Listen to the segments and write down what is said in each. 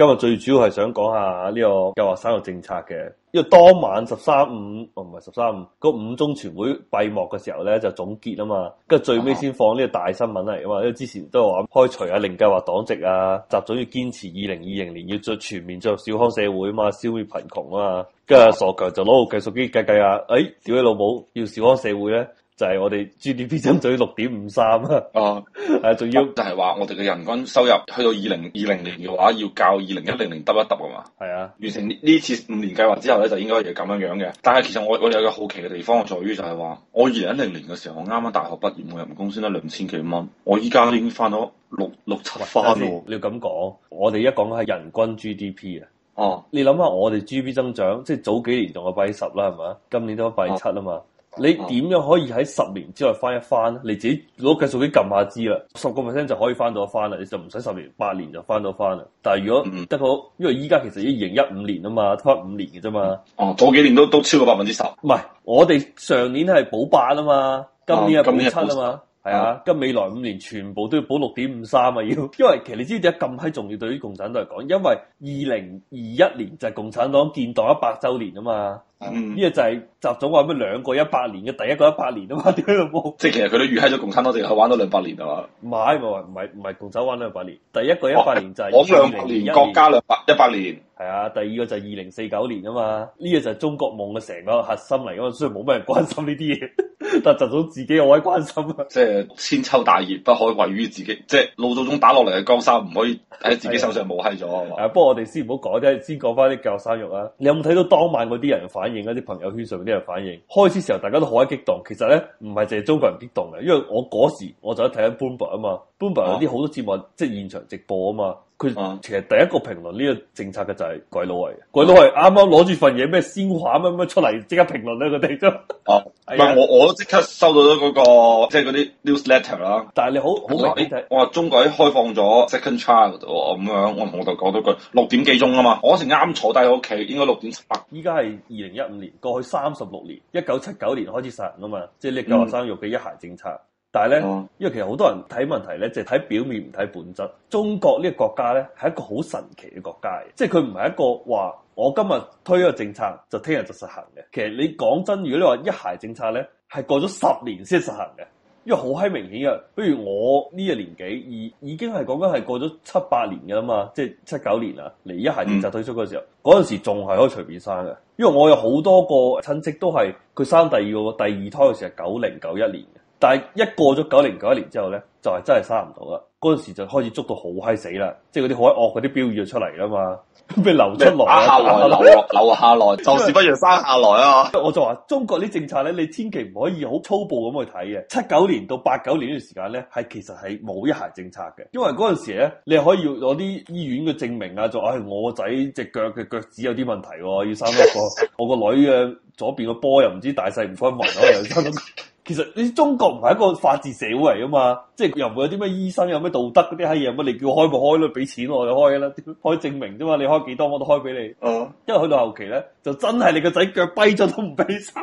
今日最主要係想講下呢個計劃生育政策嘅，因為當晚十三五，哦唔係十三五，個五中全會閉幕嘅時候咧就總結啊嘛，跟住最尾先放呢個大新聞嚟啊嘛，因為之前都話開除啊令計劃黨籍啊，習總要堅持二零二零年要再全面進入小康社會啊嘛，消滅貧窮啊嘛，跟住傻強就攞個計數機計計啊，誒、啊，屌、哎、你老母，要小康社會咧？就係我哋 GDP 增長六點五三啊！哦，誒，仲要就係話我哋嘅人均收入去到二零二零年嘅話，要較二零一零年翻一翻啊嘛！係啊，完成呢次五年計劃之後咧，就應該係咁樣樣嘅。但係其實我我哋有個好奇嘅地方在於就係話，我二零一零年嘅時候，我啱啱大學畢業，我入公司，得兩千幾蚊，我依家已經翻到六六七翻喎。你咁講，我哋一講係人均 GDP 啊！哦，你諗下我哋 GDP 增長，即係早幾年仲係敗十啦，係咪？今年都敗七啊嘛。你點樣可以喺十年之外翻一翻咧？你自己攞計數機撳下知啦，十個 percent 就可以翻到一翻啦，你就唔使十年八年就翻到翻啦。但係如果得個，嗯嗯因為依家其實已經二零一五年啊嘛，翻五年嘅啫嘛。哦、啊，嗰幾年都都超過百分之十。唔係，我哋上年係保八啊嘛，今年又保七啊嘛。啊。係啊，今未來五年全部都要補六點五三啊！要，因為其實你知點解咁閪重要對於共產黨嚟講，因為二零二一年就係共產黨建黨一百周年啊嘛，呢、嗯、個就係習總話咩兩個一百年嘅第一個一百年啊嘛，啲老布，即係其實佢都預喺咗共產黨，其實玩咗兩百年啊嘛，唔係唔係唔係共產黨玩兩百年，第一個一百年就係講兩百年、哦、年國家兩百一百年，係啊，第二個就係二零四九年啊嘛，呢、這個就係中國夢嘅成個核心嚟噶嘛，所以冇咩人關心呢啲嘢。但集到自己又可以關心啊，即係千秋大業不可以位於自己，即係老祖宗打落嚟嘅江山唔可以喺自己手上冇閪咗係嘛？不過我哋先唔好講啲，先講翻啲計劃生育啊。你有冇睇到當晚嗰啲人反應啊？啲朋友圈上面啲人反應，開始時候大家都好喺激動，其實咧唔係淨係中國人激動嘅，因為我嗰時我就喺睇緊 Bloomberg 啊嘛 Bloomberg 有啲好多節目即係現場直播啊嘛。佢其實第一個評論呢個政策嘅就係鬼佬嚟。鬼佬嚟啱啱攞住份嘢咩鮮畫咩咩出嚟即刻評論呢佢地都，啊，唔係、 哎、呀我我即刻收到咗、那、嗰個即係嗰啲 news letter 啦。就是、但係你好好、嗯、我話中國啲開放咗 second child 咁樣，我同我老豆講咗句六點幾鐘啊嘛，我成時啱坐低喺屋企，應該六點七八。依家係二零一五年，過去三十六年，一九七九年開始殺人啊嘛，即係呢個生育嘅一孩政策。嗯但係咧，因為其實好多人睇問題咧，就睇表面唔睇本質。中國呢個國家咧，係一個好神奇嘅國家，即係佢唔係一個話我今日推一個政策就聽日就實行嘅。其實你講真，如果你話一孩政策咧，係過咗十年先實行嘅。因為好閪明顯嘅，比如我呢個年紀，已已經係講緊係過咗七八年㗎啦嘛，即係七九年啊，嚟，一孩政策推出嗰時候，嗰陣、嗯、時仲係可以隨便生嘅。因為我有好多個親戚都係佢生第二個第二胎嘅時候係九零九一年嘅。但係一過咗九零九一年之後咧，就係、是、真係生唔到啦。嗰陣時就開始捉到好嗨死啦，即係嗰啲好惡嗰啲標語就出嚟啦嘛，咪 流出落嚟、啊，留下來，留下來，就是不如生下來啊！我就話中國啲政策咧，你千祈唔可以好粗暴咁去睇嘅。七九年到八九年呢段時間咧，係其實係冇一孩政策嘅，因為嗰陣時咧，你可以要攞啲醫院嘅證明啊，就唉、哎，我仔隻腳嘅腳趾有啲問題，要生一個； 我個女嘅左邊個波又唔知大細唔分勻，又生 其實你中國唔係一個法治社會嚟噶嘛，即係又唔會有啲咩醫生有咩道德嗰啲閪嘢，乜你叫我開咪開咯，俾錢我就開啦，開證明啫嘛，你開幾多我都開俾你，哦。因為去到後期咧，就真係你個仔腳跛咗都唔俾生。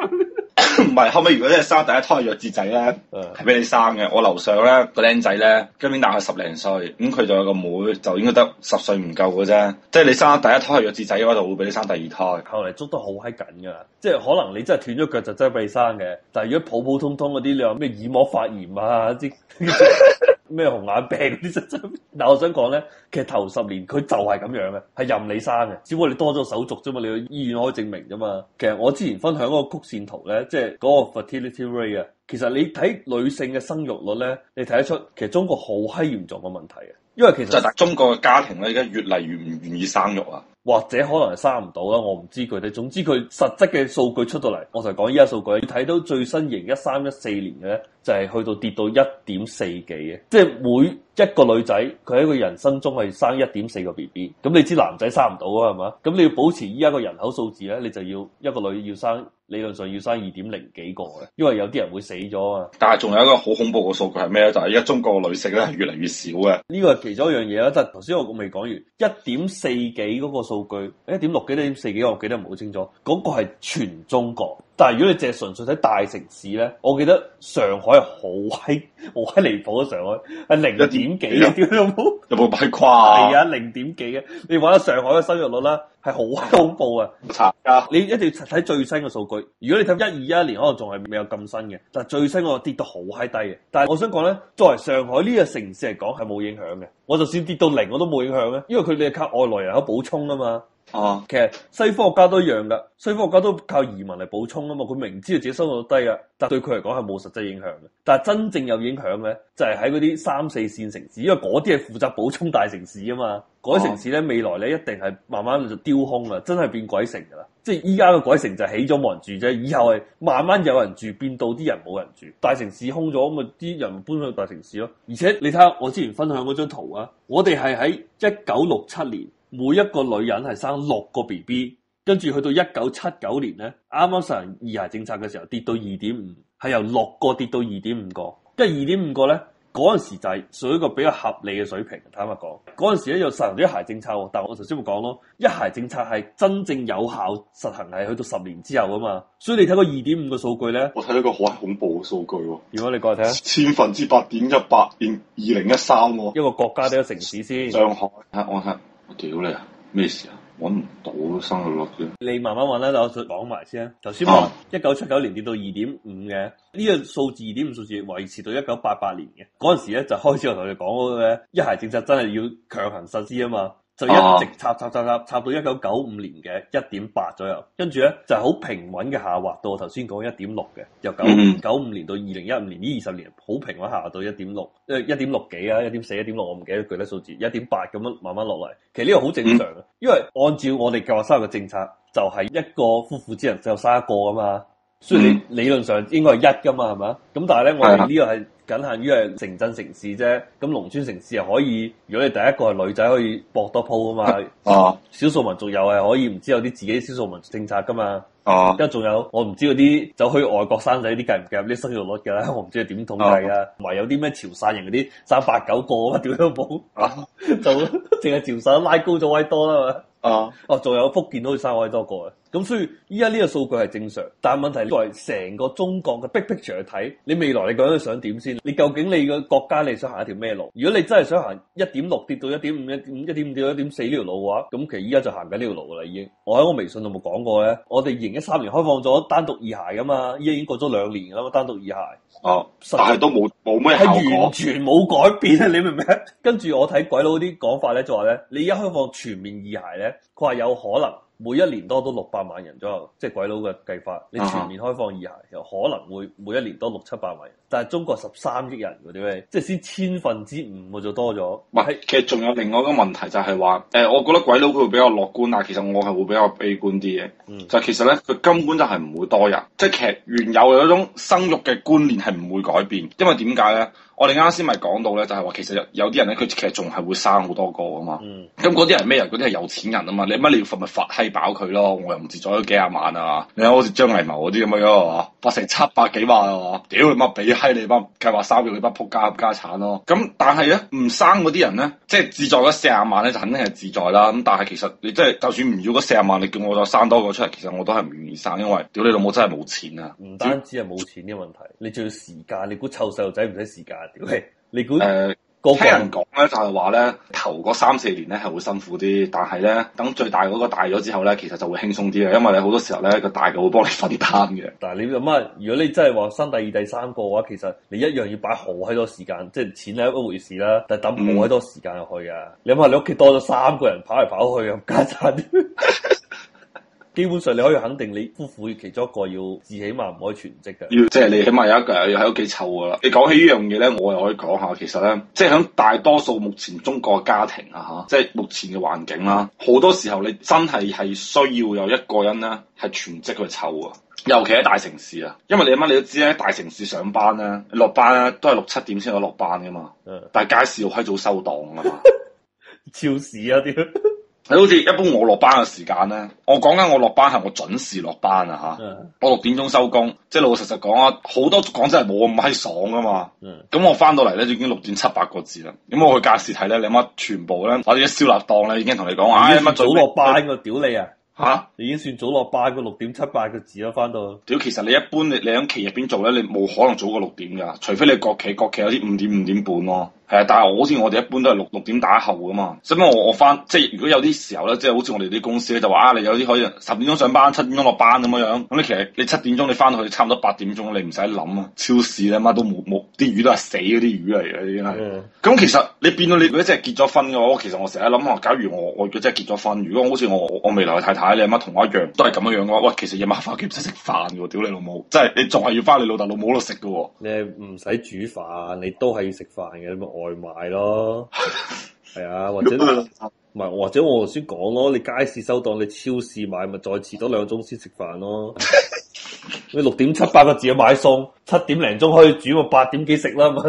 唔係 後尾如果你係生第一胎弱智仔咧，係俾你生嘅。我樓上咧個僆仔咧，今年大概十零歲，咁佢就有個妹，就應該得十歲唔夠嘅啫。即係你生第一胎弱智仔嘅話，就會俾你生第二胎。後嚟捉得好閪緊㗎，即係可能你真係斷咗腳就真係俾你生嘅。但係如果普普通通嗰啲你話咩耳膜發炎啊啲。 咩紅眼病嗰啲真。嗱我想講咧，其實頭十年佢就係咁樣嘅，係任你生嘅，只不過你多咗手續啫嘛，你去醫院可以證明啫嘛。其實我之前分享嗰個曲線圖咧，即係嗰個 fertility rate 啊，其實你睇女性嘅生育率咧，你睇得出其實中國好閪嚴重嘅問題啊，因為其實就係中國嘅家庭咧，而家越嚟越唔願意生育啊。或者可能係生唔到啦，我唔知佢哋。總之佢實質嘅數據出到嚟，我就講依家數據。你睇到最新型一三一四年嘅咧，就係去到跌到一點四幾嘅，即係每一個女仔佢喺一個人生中係生一點四個 BB。咁你知男仔生唔到啊，係嘛？咁你要保持依家個人口數字咧，你就要一個女要生。理論上要生二點零幾個嘅，因為有啲人會死咗啊。但係仲有一個好恐怖嘅數據係咩咧？就係而家中國嘅女性咧係越嚟越少嘅。呢個係其中一樣嘢啦。但係頭先我我未講完，一點四幾嗰個數據，一點六幾、一點四幾，我記得唔好清楚。嗰、那個係全中國，但係如果你淨係純粹睇大城市咧，我記得上海係好稀。好閪離譜啊！上海係零點幾啊，屌你老母有冇白誇？係啊， 零點幾啊！你話得上海嘅生育率啦，係好閪恐怖啊！查家，你一定要睇最新嘅數據。如果你睇一二一年，可能仲係未有咁新嘅，但最新我跌到好閪低嘅。但係我想講咧，作為上海呢個城市嚟講，係冇影響嘅。我就算跌到零，我都冇影響嘅，因為佢哋係靠外來人口補充啊嘛。哦，其實西方國家都一樣噶，西方國家都靠移民嚟補充啊嘛，佢明知道自己收入低噶，但對佢嚟講係冇實際影響嘅。但係真正有影響嘅就係喺嗰啲三四線城市，因為嗰啲係負責補充大城市啊嘛。嗰啲城市咧，未來咧一定係慢慢就丟空啦，真係變鬼城噶啦。即係依家嘅鬼城就起咗冇人住啫，以後係慢慢有人住變到啲人冇人住，大城市空咗咁啊，啲人搬去大城市咯。而且你睇下我之前分享嗰張圖啊，我哋係喺一九六七年。每一個女人係生六個 B B，跟住，去到一九七九年咧，啱啱實行二孩政策嘅時候，跌到二點五，係由六個跌到二點五個。即係二點五個咧，嗰陣時就係屬於一個比較合理嘅水平。坦白講，嗰陣時咧又實行咗一孩政策，但係我頭先咪講咯，一孩政策係真正有效實行係去到十年之後啊嘛。所以你睇個二點五嘅數據咧，我睇到個好恐怖嘅數據。如果你過嚟睇下，千分之八點一八，二零一三咯，啊，一個國家定一個城市先，上海，上海屌你啊！咩事啊？搵唔到三六六嘅。你慢慢搵啦，攞嚟講埋先啊。頭先話一九七九年跌到二點五嘅，呢個數字二點五數字維持到一九八八年嘅。嗰陣時咧就開始我同你講嘅，一孩政策真係要強行實施啊嘛。就一直插插插插插到一九九五年嘅一點八左右，跟住咧就係好平穩嘅下,下滑到 1. 6, 1. 6 1. 4, 1. 6, 我頭先講一點六嘅，由九九五年到二零一五年呢二十年好平穩下滑到一點六，誒一點六幾啊一點四一點六我唔記得具體數字，一點八咁樣慢慢落嚟。其實呢個好正常啊，因為按照我哋計劃生育嘅政策，就係、是、一個夫婦只能就有生一個啊嘛。嗯、雖然理論上應該係一噶嘛，係咪啊？咁但係咧，我哋呢個係僅限於係城鎮城市啫。咁、嗯、農村城市又可以，如果你第一個係女仔，可以博多鋪噶嘛？哦、啊，少數民族又係可以，唔知有啲自己少數民族政策噶嘛？哦、啊，跟住仲有，我唔知嗰啲走去外國生仔啲計唔計入啲生育率噶啦？我唔知係點統計啊？同埋有啲咩潮汕人嗰啲生八九個點都冇，樣啊、 就淨係潮汕拉高咗位多啦嘛？哦、啊，哦、啊，仲有福建都去三威多個多。咁所以依家呢個數據係正常，但係問題作為成個中國嘅 big picture 去睇，你未來你究竟想點先？你究竟你個國家你想行一條咩路？如果你真係想行一點六跌到一點五一點五一點五跌到一點四呢條路嘅話，咁其實依家就行緊呢條路噶啦，已經。我喺我微信有冇講過咧？我哋二零一三年開放咗單獨二孩噶嘛？依家已經過咗兩年啦，嘛。單獨二孩。哦、啊，實在但係都冇冇咩效果，係完全冇改變啊！你明唔明？ 跟住我睇鬼佬啲講法咧，就話咧，你一開放全面二孩咧，佢話有可能。每一年多都六百萬人左右，即係鬼佬嘅計法。你全面開放以下，啊、又可能會每一年多六七百萬人。但係中國十三億人嗰啲咩，即係先千分之五就多咗。唔係喂，是其實仲有另外一個問題就係話，誒、呃，我覺得鬼佬佢會比較樂觀，但其實我係會比較悲觀啲嘅。嗯、就其實咧，佢根本就係唔會多人，即係其實原有嗰種生育嘅觀念係唔會改變，因為點解咧？我哋啱先咪講到咧，就係話其實有啲人咧，佢其實仲係會生好多個噶嘛。咁嗰啲人咩人？嗰啲係有錢人啊嘛。你乜你要咪罰閪飽佢咯？我又唔自在咗幾廿萬啊？你睇好似張藝謀嗰啲咁樣啊嘛，發成七百幾萬啊嘛，屌你咪俾閪你班計劃生咗你班撲家家產咯。咁但係咧，唔生嗰啲人咧，即係自在咗四廿萬咧，就肯定係自在啦。咁但係其實你真係就算唔要嗰四廿萬，你叫我再生多個出嚟，其實我都係唔願意生，因為屌你老母真係冇錢啊！唔單止係冇錢嘅問題，你仲要時間，你估湊細路仔唔使時間？Okay. 你估，誒、呃，個人聽人講咧就係話咧，頭嗰三四年咧係會辛苦啲，但係咧等最大嗰個大咗之後咧，其實就會輕鬆啲啊，因為你好多時候咧個大嘅會幫你分擔嘅。但係你諗下，如果你真係話生第二、第三個嘅話，其實你一樣要擺好喺多時間，即係錢係一回事啦，但係等好喺多時間去啊？嗯、你諗下，你屋企多咗三個人跑嚟跑去咁，加陣。 基本上你可以肯定，你夫婦其中一個要至少起碼唔可以全職嘅，即係你起碼有一個人要喺屋企湊噶啦。你講起呢樣嘢咧，我又可以講下，其實咧，即係響大多數目前中國嘅家庭啊嚇，即係目前嘅環境啦，好、嗯、多時候你真係係需要有一個人咧係全職去湊嘅，尤其喺大城市啊，因為你諗下，你都知咧，大城市上班咧落班咧都係六七點先有落班噶嘛，嗯、但係街市又可以做收檔啊嘛，超市、嗯、 事啊屌！ 你好似一般我，我落班嘅時間咧，我講緊我落班係我準時落班啊嚇！嗯、我六點鐘收工，即係老老實實講啊，好多講真係冇咁閪爽噶嘛。咁、嗯嗯、我翻到嚟咧，已經六點七八個字啦。咁我去駕駛睇咧，你乜全部咧，或者燒臘檔咧，已經同你講話。已經算早落班個屌你啊！嚇，已經算早落班個六點七八個字啦，翻到屌。其實你一般你你喺企入邊做咧，你冇可能早過六點噶，除非你國企國企有啲五點五點半咯。係啊，但係我好似我哋一般都係六六點打後噶嘛，使乜我我翻即係如果有啲時候咧，即係好似我哋啲公司咧就話啊，你有啲可以十點鐘上班，七點鐘落班咁樣樣，咁你其實你七點鐘你翻到去差唔多八點鐘，你唔使諗啊，超市你媽都冇冇啲魚都係死嗰啲魚嚟嘅已經係。咁的其實你變到你如果真係結咗婚嘅話，其實我成日諗啊，假如我我如果真係結咗婚，如果好似我我未來嘅太太你阿媽同我一樣都係咁樣樣嘅話，喂，其實夜晚翻屋企唔使食飯喎，屌你老母，即係你仲係要翻你老豆老母度食嘅喎。你唔使、就是、煮飯，你都係要食飯嘅。外賣咯，係、哎、啊，或者唔係，或者我頭先講咯。你街市收檔，你超市買咪再遲多兩鐘先食飯咯。你六點七八個字去買餸，七點零鐘可以煮，我八點幾食啦。咪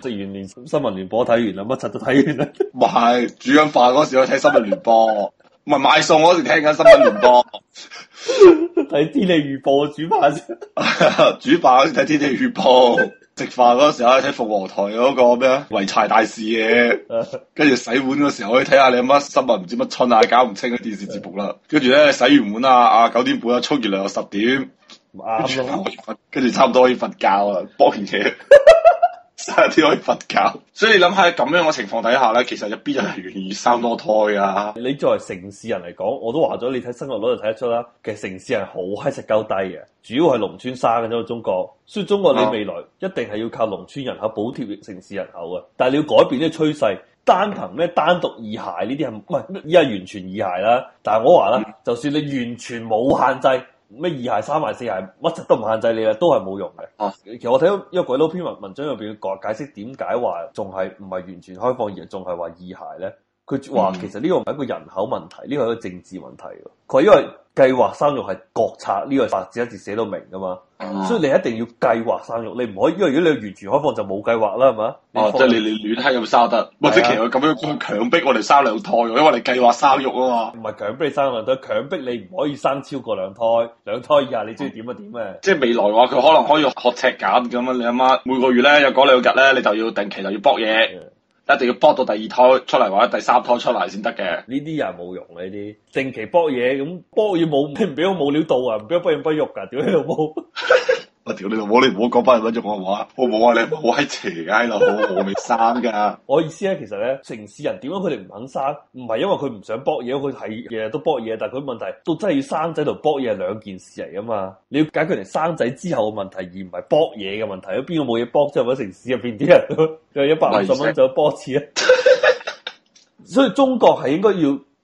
食完聯新聞聯播睇完啦，乜柒都睇完啦。唔係煮緊飯嗰時去睇新聞聯播，唔係 買餸嗰時聽緊新聞聯播。睇 天氣預報煮飯先，煮飯先睇天氣預報。食飯嗰時候喺睇《鳳凰台》嗰個咩啊，遺財大事嘅，跟住洗碗嗰時候可以睇下你阿媽新聞唔知乜春啊，搞唔清嘅電視節目啦，跟住咧洗完碗啊啊九點半啊沖完涼啊十點，啱咯，跟住差唔多可以瞓覺啦，煲件嘢。 點 可以瞓覺？所以你諗下，咁樣嘅情況底下咧，其實有邊人係願意生多胎啊。你作為城市人嚟講，我都話咗，你睇生育率就睇得出啦。其實城市人好閪食鳩低嘅，主要係農村生嘅。因中國，所以中國你未來、啊、一定係要靠農村人口補貼城市人口啊。但係你要改變呢個趨勢，單憑咩單獨二孩呢啲係唔係？依家完全二孩啦。但係我話啦，嗯、就算你完全冇限制。咩二孩、三孩、四孩，乜柒都唔限制你啦，都係冇用嘅。啊，其實我睇到一個鬼佬篇文文章入邊講，解釋，點解話仲係唔係完全開放，而仲係話二孩咧？佢話、嗯、其實呢個唔係一個人口問題，呢、這個係一個政治問題。佢係因為計劃生育係國策，呢、這個法字一字寫到明噶嘛，嗯、所以你一定要計劃生育，你唔可以因為如果你完全開放就冇計劃啦，係嘛？即係你你亂閪咁生得，或者其實咁樣強迫我哋生兩胎，因為你計劃生育啊嘛，唔係強逼生兩胎，強迫你唔可以生超過兩胎，兩胎以下你中意點啊點啊？即係、嗯就是、未來話佢可能可以學尺減咁啊，你阿媽每個月咧有嗰兩日咧，你就要定期就要博嘢。一定要搏到第二胎出嚟或者第三胎出嚟先得嘅。呢啲又係冇用嘅，呢啲正期搏嘢咁，搏嘢冇，你唔俾我冇料到啊，唔俾我不孕不育㗎屌你老母！ 我調你，我你唔好講翻，搵住我好唔我冇好啊，你係咪好閪邪啊？度好我未生噶。我意思咧，其實咧，城市人點解佢哋唔肯生？唔係因為佢唔想搏嘢，佢係日日都搏嘢。但係佢問題，都真係要生仔同搏嘢係兩件事嚟啊嘛。你要解決人生仔之後嘅問題，而唔係搏嘢嘅問題。有邊個冇嘢搏啫？喺城市入邊啲人，又一百五十蚊就有波一次。 所以中國係應該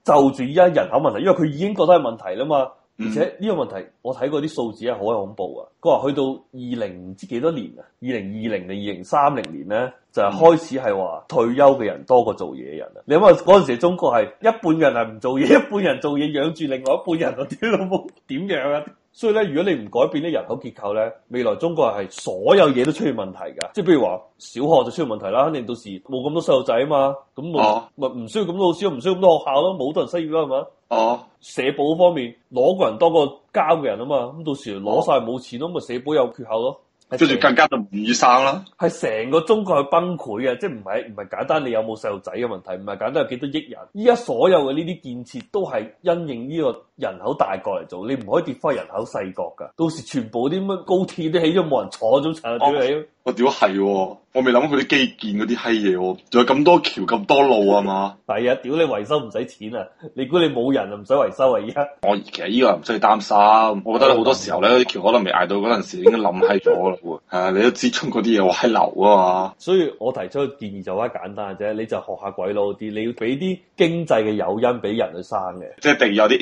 要就住依家人口問題，因為佢已經覺得係問題啦嘛。而且呢個問題，我睇過啲數字係好恐怖啊！佢話去到二零唔知幾多年啊，二零二零定二零三零年咧，就係開始係話退休嘅人多過做嘢嘅人啊！你諗下嗰陣時中國係一半人係唔做嘢，一半人做嘢養住另外一半人，屌老母點樣啊？所以咧，如果你唔改變啲人口結構咧，未來中國係所有嘢都出現問題嘅。即係譬如話，小學就出現問題啦，肯定到時冇咁多細路仔啊嘛，咁咪唔需要咁多老師，唔需要咁多學校咯，冇多人失業啦，係嘛？哦、啊，社保方面攞個人多過交嘅人啊嘛，咁到時攞晒冇錢咯，咪、啊、社保有缺口咯。跟住更加就唔願意生啦。係成個中國係崩潰嘅，啊、即係唔係唔係簡單你有冇細路仔嘅問題，唔係簡單係幾多億人。依家所有嘅呢啲建設都係因應呢、呢個。人口大國嚟做，你唔可以跌翻人口細國噶。到時全部啲乜高鐵都起咗，冇人坐咗，殘到你。我屌係，我未諗佢啲基建嗰啲閪嘢，仲有咁多橋咁多路啊嘛。係啊，屌你維修唔使錢啊，你估你冇人就維修啊，唔使維修啊而家。我其實依個唔使要擔心，我覺得好多時候咧啲橋可能未挨到嗰陣時，應該冧閪咗啦。係啊，你都知中嗰啲嘢歪流啊嘛。所以我提出嘅建議就一簡單嘅啫，你就學下鬼佬啲，你要俾啲經濟嘅誘因俾人去生嘅，即係一定有啲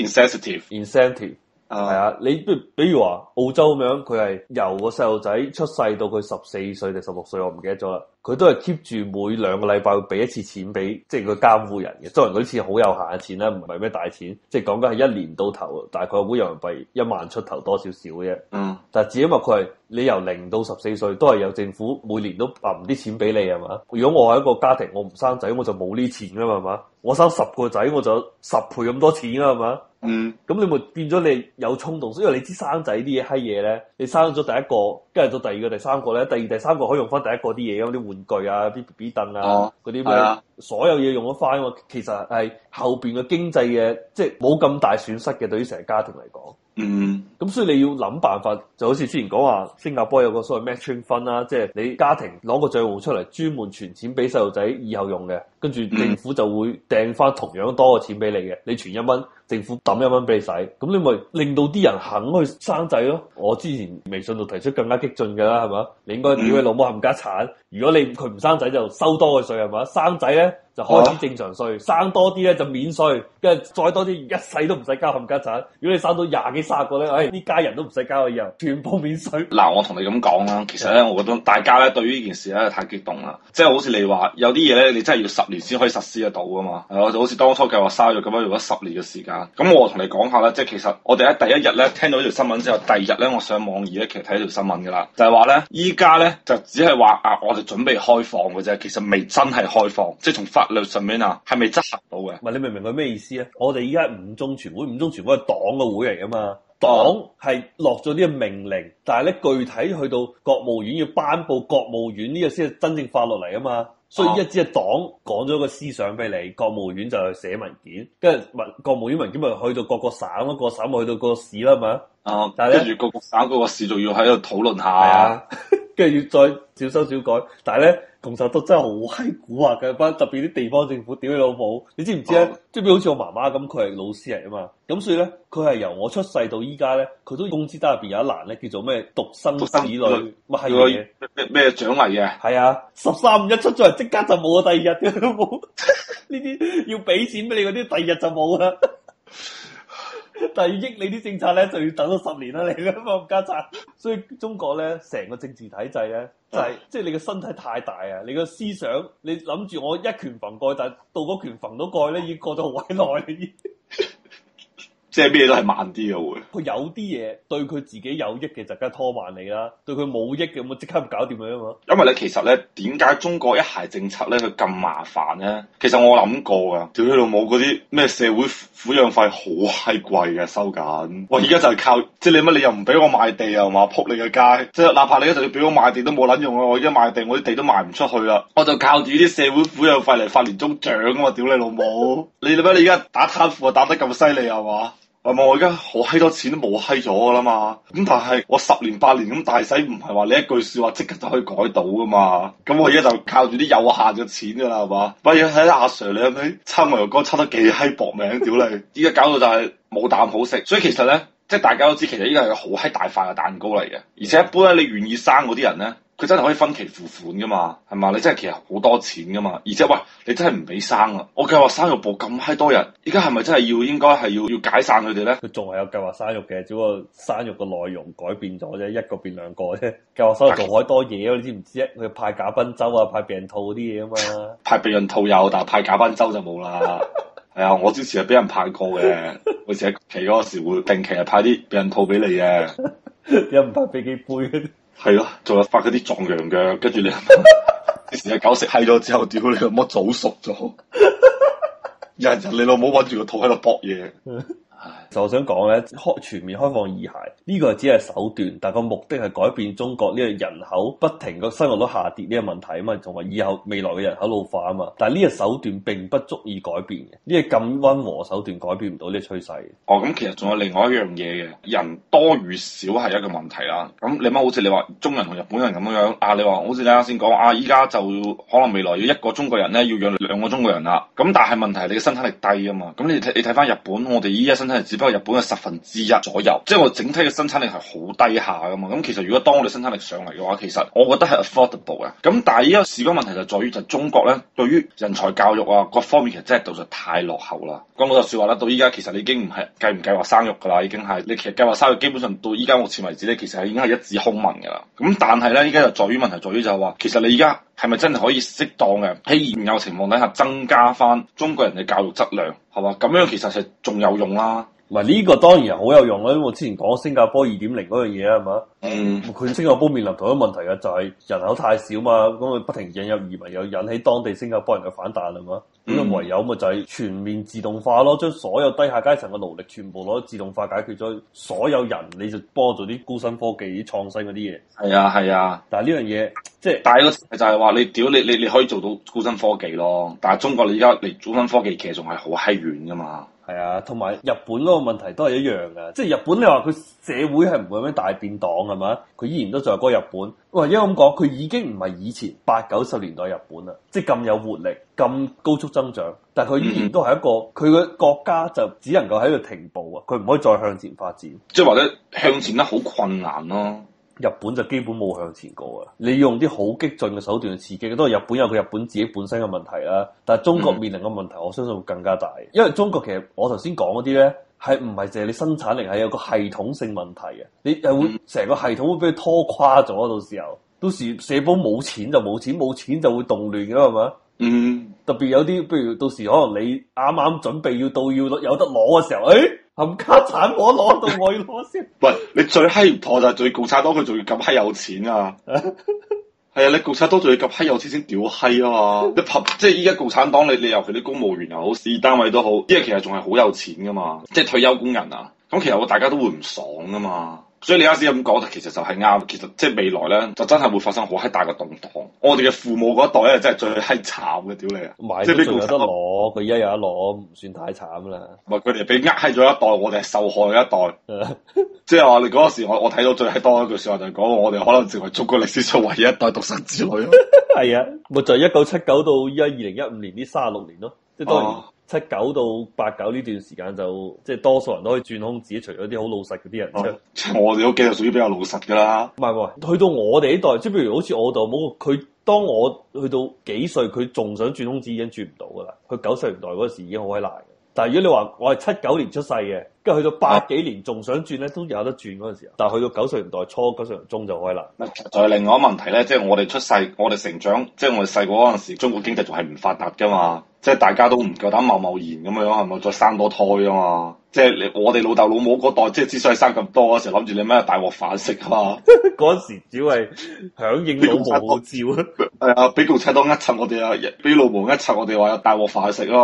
incentive，係啊、oh.，你比比如話澳洲咁樣，佢係由個細路仔出世到佢十四歲定十六歲，我唔記得咗啦。佢都係 keep 住每兩個禮拜會俾一次錢俾，即係佢監護人嘅。雖然佢啲錢好有限嘅錢啦，唔係咩大錢。即係講緊係一年到頭，大概會人民幣一萬出頭多少少嘅啫。嗯，mm. 但只因為佢係你由零到十四歲都係由政府每年都攬啲錢俾你係嘛。如果我係一個家庭，我唔生仔，我就冇呢錢噶嘛係嘛。我生十個仔，我就十倍咁多錢啦係嘛。嗯，咁你咪變咗你有衝動，因為你知生仔啲嘢閪嘢咧，你生咗第一個，跟住到第二個、第三個咧，第二、第三個可以用翻第一個啲嘢，啲玩具啊、啲 B B 凳啊，嗰啲咩，的所有嘢用得翻喎。其實係後邊嘅經濟嘅，即係冇咁大損失嘅，對於成個家庭嚟講。嗯，咁所以你要諗辦法，就好似之前講話新加坡有個所謂 matching fund 啦，即係、就是、你家庭攞個帳戶出嚟，專門存錢俾細路仔以後用嘅。跟住政府、嗯、就會掟翻同樣多嘅錢俾你嘅，你存一蚊，政府抌一蚊俾你使，咁你咪令到啲人肯去生仔咯。我之前微信度提出更加激進嘅啦，係嘛？你應該叫、嗯、你老母冚家產，如果你佢唔生仔就收多嘅稅，係嘛？生仔咧就開始正常稅，啊、生多啲咧就免稅，跟住再多啲一世都唔使交冚家產。如果你生到廿幾卅個咧，誒、哎、呢家人都唔使交嘅，以後，全部免稅。嗱，我同你咁講啦，其實咧，我覺得大家咧對於呢件事咧太激動啦，即、就、係、是、好似你話有啲嘢咧，你真係要十。先可以實施得到噶嘛？係啊，就好似當初計劃生育咁樣，用咗十年嘅時間。咁我同你講下啦，即係其實我哋喺第一日咧聽到呢條新聞之後，第二日咧我上網而咧其實睇到條新聞噶啦，就係話咧依家咧就只係話啊，我哋準備開放嘅啫，其實未真係開放。即係從法律上面啊，係未執行到嘅？唔係你明唔明佢咩意思啊？我哋依家五中全會，五中全會係黨嘅會嚟噶嘛？黨係落咗啲命令，但係咧具體去到國務院要頒佈國務院呢個先係真正法律嚟啊嘛。所以 So,、啊、一隻黨講咗個思想俾你，國務院就去寫文件，跟住文國務院文件咪去到各個省啦，各省咪去到個市啦，係咪？啊！但係咧，跟住各個省各個市仲、啊、要喺度討論下，跟住是、啊、 要再小修小改，但係咧。其實都真係好閪蠱惑嘅，班特別啲地方政府屌你老母，你知唔知咧？嗯、即係比如好似我媽媽咁，佢係老師嚟啊嘛。咁所以咧，佢係由我出世到依家咧，佢都工資單入邊有一欄咧，叫做咩獨生子女。咪係咩咩獎勵啊？係啊，十三五一出咗嚟，即刻就冇啊， 第二日老母。呢啲要俾錢俾你嗰啲，第二日就冇啦。但要益你啲政策咧，就要等咗十年啦，你咁個國家賊。所以中國咧，成個政治體制咧。就係、是，即、就、係、是、你個身體太大啊！你個思想，你諗住我一拳揈過去，但到嗰拳揈到過去咧，已經過咗好鬼耐。即係咩都係慢啲嘅會。佢有啲嘢對佢自己有益嘅，就梗係拖慢你啦；對佢冇益嘅，咁即刻唔搞掂佢啊嘛。因為咧，其實咧，點解中國一孩政策咧，佢咁麻煩咧？其實我諗過噶，屌佢老母，嗰啲咩社會撫養費好閪貴嘅，收緊。我而家就係靠。嗯即係你乜？你又唔俾我賣地啊？嘛扑你個街！即係哪怕你一直要俾我賣地都冇撚用啊！我而家賣地，我啲地都賣唔出去啊。我就靠住啲社會撫養費嚟發年終獎啊！嘛，屌你老母！ 你你乜？你而家打貪腐啊打得咁犀利啊嘛？係咪我而家好閪多錢都冇閪咗噶啦嘛？咁但係我十年八年咁大使，唔係話你一句說話即刻就可以改到噶嘛？咁我而家就靠住啲有限嘅錢噶啦，係嘛？看看啊、ir, 是不如睇下阿 Sir 你係咪抄外游哥差得幾閪搏命？屌你！而家 搞到就係冇啖好食，所以其實咧。即係大家都知，其實依個係好閪大塊嘅蛋糕嚟嘅，而且一般咧，你願意生嗰啲人咧，佢真係可以分期付款噶嘛，係嘛？你真係其實好多錢噶嘛，而且喂，你真係唔俾生啊！我計劃生育部咁閪多人，依家係咪真係要應該係要要解散佢哋咧？佢仲係有計劃生育嘅，只不過生育嘅內容改變咗啫，一個變兩個啫。計劃生育做好多嘢，啊，你知唔知？佢派假賓周啊，派避孕套嗰啲嘢啊嘛， 派避孕套有，但派假賓周就冇啦。 係啊，我之前係俾人派過嘅，會寫期嗰時會定期係派啲避孕套俾你嘅， 人拍有唔派飛機杯？係咯，就是，仲有發嗰啲壯陽藥，跟住你，成日狗食係咗之後，屌你個乜，早熟咗，日日你老母搵住個套喺度搏嘢。就我想講咧，開全面開放二孩，呢、這個只係手段，但個目的係改變中國呢個人口不停個生育率下跌呢個問題啊嘛，同埋以後未來嘅人口老化啊嘛。但係呢個手段並不足以改變嘅，呢、這個咁溫和手段改變唔到呢個趨勢。哦，咁、嗯、其實仲有另外一樣嘢嘅，人多與少係一個問題啦。咁你乜好似你話中人同日本人咁樣，啊你話好似你啱先講啊，依家就可能未來要一個中國人咧要養兩個中國人啦。咁但係問題係你嘅生產力低啊嘛。咁你睇你睇翻日本，我哋依家生產力個日本嘅十分之一左右，即係我整體嘅生產力係好低下噶嘛。咁其實如果當我哋生產力上嚟嘅話，其實我覺得係 affordable 嘅。咁但係依個時間問題就在於就中國咧，對於人才教育啊各方面，其實真係到數太落後啦。講老實說話啦，到依家其實你已經唔係計唔計劃生育噶啦，已經係你其實計劃生育基本上到依家目前為止咧，其實係已經係一紙空文噶啦。咁但係咧依家就在於問題在於就係話，其實你而家。係咪真係可以適當嘅喺現有情況底下增加返中國人嘅教育質量，係嘛？咁樣其實係仲有用啦。唔係呢個當然係好有用啦，因為我之前講新加坡二點零嗰樣嘢係嘛？嗯，佢新加坡面臨同一個問題嘅就係、是、人口太少嘛，咁佢不停引入移民又引起當地新加坡人嘅反彈啦嘛，咁啊、嗯、唯有咪就係全面自動化咯，將所有低下階層嘅勞力全部攞自動化解決咗，所有人你就幫做啲高新科技啲創新嗰啲嘢。係啊，係啊，啊但係呢樣嘢即係，大係個就係、是、話你屌你你你可以做到高新科技咯，但係中國你而家嚟高新科技其實仲係好閪遠噶嘛。係啊，同埋日本嗰個問題都係一樣嘅，即係日本你話佢社會係唔會有咩大變動係嘛？佢依然都在嗰個日本。哇，因為咁講，佢已經唔係以前八九十年代日本啦，即係咁有活力、咁高速增長，但係佢依然都係一個佢嘅國家就只能夠喺度停步啊，佢唔可以再向前發展，即係或者向前得好困難咯、啊。日本就基本冇向前過啊！你用啲好激進嘅手段去刺激，都係日本有佢日本自己本身嘅問題啦。但係中國面臨嘅問題，我相信會更加大。因為中國其實我頭先講嗰啲咧，係唔係淨係你生產力，係有個系統性問題啊？你又會成個系統會俾佢拖垮咗。到時候，到時社保冇錢就冇錢，冇錢就會動亂噶嘛？係咪？嗯。特別有啲，譬如到時可能你啱啱準備要到要有得攞嘅時候，誒、哎。冚家鏟，我攞到我要攞先，喂！你最閪唔妥就係仲要共產黨佢仲要咁閪有錢啊，係 啊！你共產黨仲要咁閪有錢先屌閪啊嘛！你即係依家共產黨你你尤其啲公務員又好事業單位都好，依家其實仲係好有錢噶嘛！即係退休工人啊，咁其實大家都會唔爽噶嘛。所以你啱先咁講，其實就係啱。其實即係未來咧，就真係會發生好閪大嘅動盪。我哋嘅父母嗰一代咧，真係最閪慘嘅，屌你啊！即係呢個有得攞，佢而家有得攞，唔算太慘啦。唔係佢哋被呃喺咗一代，我哋係受害一代。 即係話你嗰個時我，我我睇到最閪多一句説話就係講，我哋可能成為中國歷史上唯一一代獨生子女咯。係 啊，咪就係一九七九到依家二零一五年呢三十六年咯，即係都係。七九到八九呢段時間就即係多數人都可以鑽空子，除咗啲好老實嗰啲人。即、啊、我哋屋企就屬於比較老實㗎啦。唔係唔係，去到我哋呢代，即係譬如好似我度冇佢，當我去到幾歲，佢仲想鑽空子已經轉唔到㗎啦。佢九十年代嗰時已經好鬼難。但係如果你話我係七九年出世嘅。跟住去到八幾年，仲想轉咧，都有得轉嗰陣時候。但係去到九十年代初，九十年中就開啦。再另外一個問題咧，即係我哋出世，我哋成長，即係我哋細個嗰陣時，中國經濟仲係唔發達噶嘛？即係大家都唔夠膽貿貿然咁樣，係咪再生多胎啊嘛？即係你我哋老豆老母嗰代，即係之所以生咁多時候，就諗住你咩大鍋飯食啊嘛？嗰陣 時只係響應共產照啊！係啊，俾共產黨呃親、哎、我哋啊，俾老毛呃親我哋話有大鍋飯食啊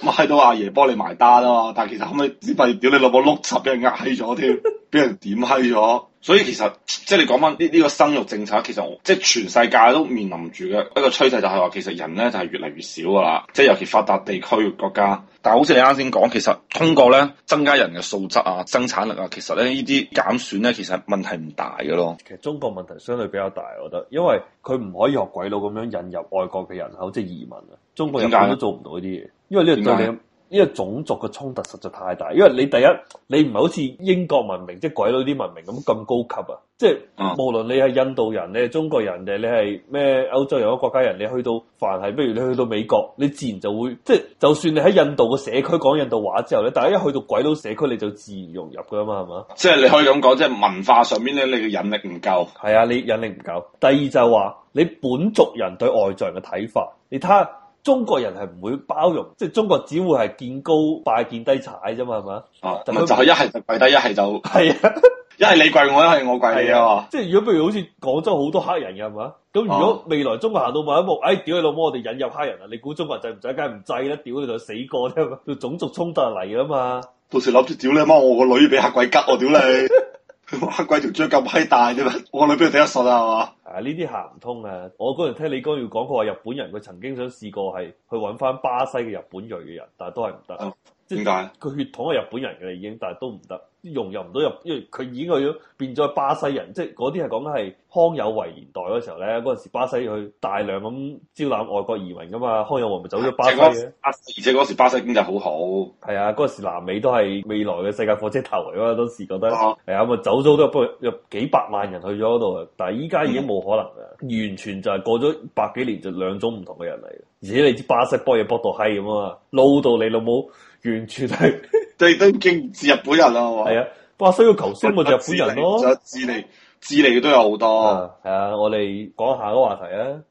嘛， 買到阿爺幫你埋單啊嘛。但係其實可唔可以？屌你老母碌柒，俾人呃咗添，俾人點閪咗。所以其實即係你講翻呢呢個生育政策，其實即係全世界都面臨住嘅一個趨勢，就係話其實人咧就係越嚟越少噶啦。即係尤其發達地區國家。但係好似你啱先講，其實通過咧增加人嘅素質啊、生產力啊，其實咧呢啲減損咧其實問題唔大嘅咯。其實中國問題相對比較大，我覺得，因為佢唔可以學鬼佬咁樣引入外國嘅人口，即係移民啊。中國根本都做唔到呢啲嘢，因為呢啲對你。呢個種族嘅衝突實在太大，因為你第一你唔係好似英國文明、即係鬼佬啲文明咁咁高級啊，即係無論你係印度人、你係中國人定你係咩歐洲有個國家人，你去到凡係不如你去到美國，你自然就會即係就算你喺印度嘅社區講印度話之後咧，大家一去到鬼佬社區你就自然融入噶嘛，係嘛？即係你可以咁講，即係文化上面咧，你嘅引力唔夠。係啊，你引力唔夠。第二就係話你本族人對外在人嘅睇法，你睇下。中國人係唔會包容，即係中國只會係見高拜見低踩啫嘛，係嘛？哦、啊，就係一係就跪低，一係就係是啊，一係你跪我，一係我跪你是啊，啊即！即係如果譬如好似廣州好多黑人嘅，係嘛？咁如果未來中國行到某一步，哎，屌你老母，我哋引入黑人啊！你估中國人就唔使梗唔制咧？屌你老母死過添，種族衝突嚟啊嘛！到時諗住屌你老母，我個女俾黑鬼吉我屌，屌你，黑鬼仲脷咁閪大，你嘛，我女俾佢第一順啊？啊！呢啲行唔通啊！我嗰陣聽李光耀講，佢話日本人佢曾經想試過係去揾翻巴西嘅日本裔嘅人，但係都係唔得。點解？佢血統係日本人嘅已經，但係都唔得，融入唔到入，因為佢已經去咗，變咗巴西人。即係嗰啲係講緊係康有為年代嗰時候咧，嗰陣時巴西去大量咁招攬外國移民噶嘛，康有為咪走咗巴西咧？而且嗰時巴西經濟好好，係啊，嗰陣時南美都係未來嘅世界火車頭嚟啊！當時覺得係啊，咪、啊、走咗都有，有幾百萬人去咗嗰度，但係依家已經冇可能啊，嗯、完全就係過咗百幾年就兩種唔同嘅人嚟，而且你知巴西波嘢搏到閪咁啊嘛，撈到你老母！完全係 都都勁似日本人啊！係係啊，巴西嘅球星咪日本人咯，智利，智利嘅都有好多。係啊，啊，我哋講下個話題啊。